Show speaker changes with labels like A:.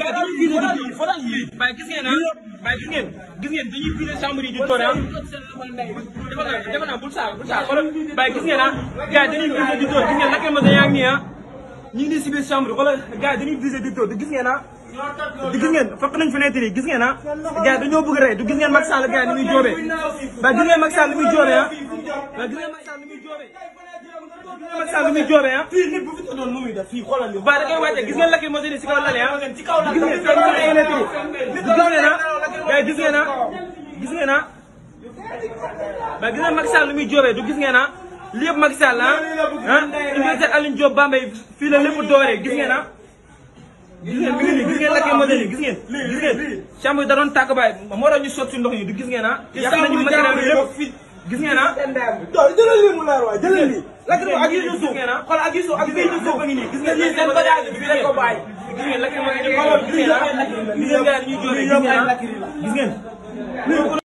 A: gaa daal di xoolal lii xoolal lii bàyyi gis ngeen ah bàyyi gis ngeen gis sa yaa ngi nii ah ñu ngi nii si biir chambre xoolal gars dañuy piler di toor di gis ngeen fekk nañ fenêtre yi gis ngeen ah gars dañoo bëgg rey du gis ngeen Macky Sall gars ni muy joobee gis ngeen Macky Sall ni muy joobee ah. courant bi muy joobee ah. fii nit ba da koy wàcce gis ngeen lakk yi moo si kaw lale ah. gis ngeen a nekk yi gis ngeen gis ngeen ah. ba gis ngeen Macky Sall nu muy joobee du gis ngeen ah. li yëpp Macky Sall ah ah université Alioune fii la lépp dooree gis ngeen ah. gis ngeen mi ngi nii gis ngeen gis ngeen. gis ngeen chambre da doon tàkk baay moo doon ñu ndox yi du gis ngeen ah. yàq nañu matériel leer. non jëlal lii mu leer waay jëlal lii. lakk ak yu ñu suuf xool ak yu suuf ak bii ñu suuf gis nga lii seen bagage